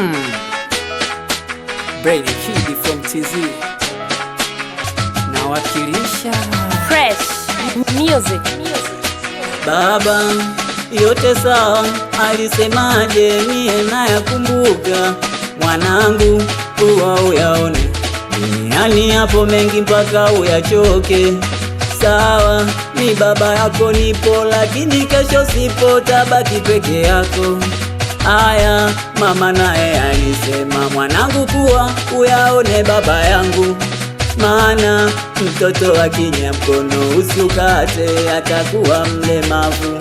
Mm. Brady Kid from TZ nawakilisha Fresh Music. Baba yote sawa, alisemaje? Mie nayakumbuka mwanangu, kuwa uyaone duniani hapo mengi mpaka uyachoke. Sawa, ni baba yako nipo, lakini kesho sipo, tabaki peke yako Aya, mama naye alisema, mwanangu kuwa uyaone baba yangu, maana mtoto akinya mkono usukate atakuwa mlemavu.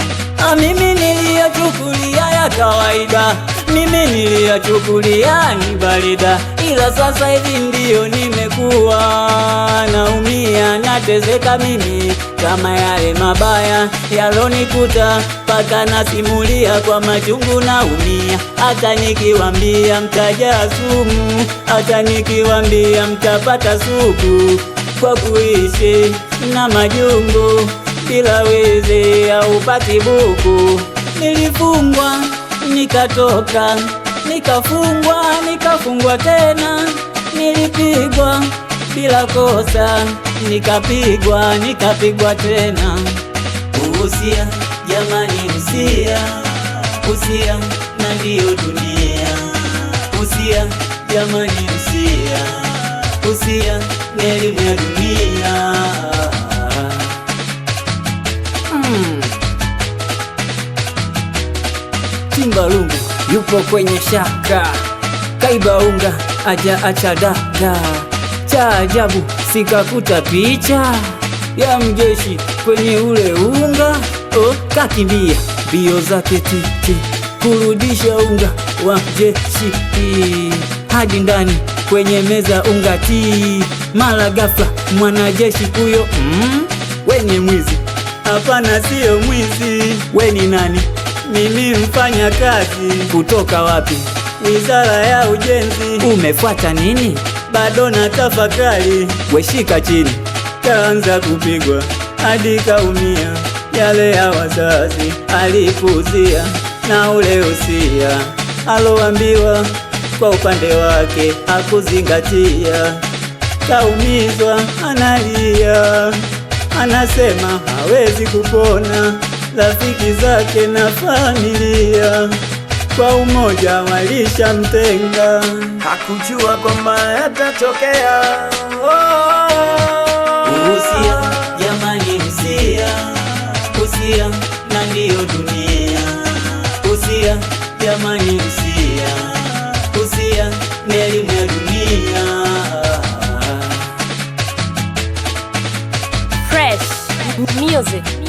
Amimi ah, niliyochukulia ya kawaida mimi niliyachukulia ni barida, ila sasa hivi ndiyo nimekuwa naumia, natezeka mimi kama yale mabaya yalonikuta, paka nasimulia kwa machungu naumia. Hata nikiwambia mtajaa sumu, hata nikiwambia mtapata suku kwa kuishi na majungu, bila weze ya upati buku, nilifungwa nikatoka, nikafungwa, nikafungwa tena, nilipigwa bila kosa, nikapigwa, nikapigwa tena. Uhusia jamani, usia, usia na ndiyo dunia. Usia jamani, usia, usia ni elimu ya dunia. Simba Lungu yupo kwenye shaka, kaiba unga aja acha daka. Cha ajabu sikakuta picha ya mjeshi kwenye ule unga. Oh, kakimbia mbio zake titi kurudisha unga wa mjeshi hadi ndani kwenye meza unga ti, mala ghafla mwanajeshi huyo mm, we ni mwizi. Hapana, siyo mwizi, we ni nani? nilimfanya kazi. Kutoka wapi? Wizara ya Ujenzi. Umefuata nini? Bado na tafakari. Weshika chini. Kaanza kupigwa hadi kaumia, yale ya wazazi alipuzia na ule usia aloambiwa kwa upande wake hakuzingatia, Kaumizwa, analia, anasema hawezi kupona rafiki zake na familia kwa umoja walishamtenga, hakujua kwamba yatatokea. Oh, usia jamani, usia usia, na ndiyo dunia. Usia jamani, usia usia, ni elimu ya dunia. Fresh music.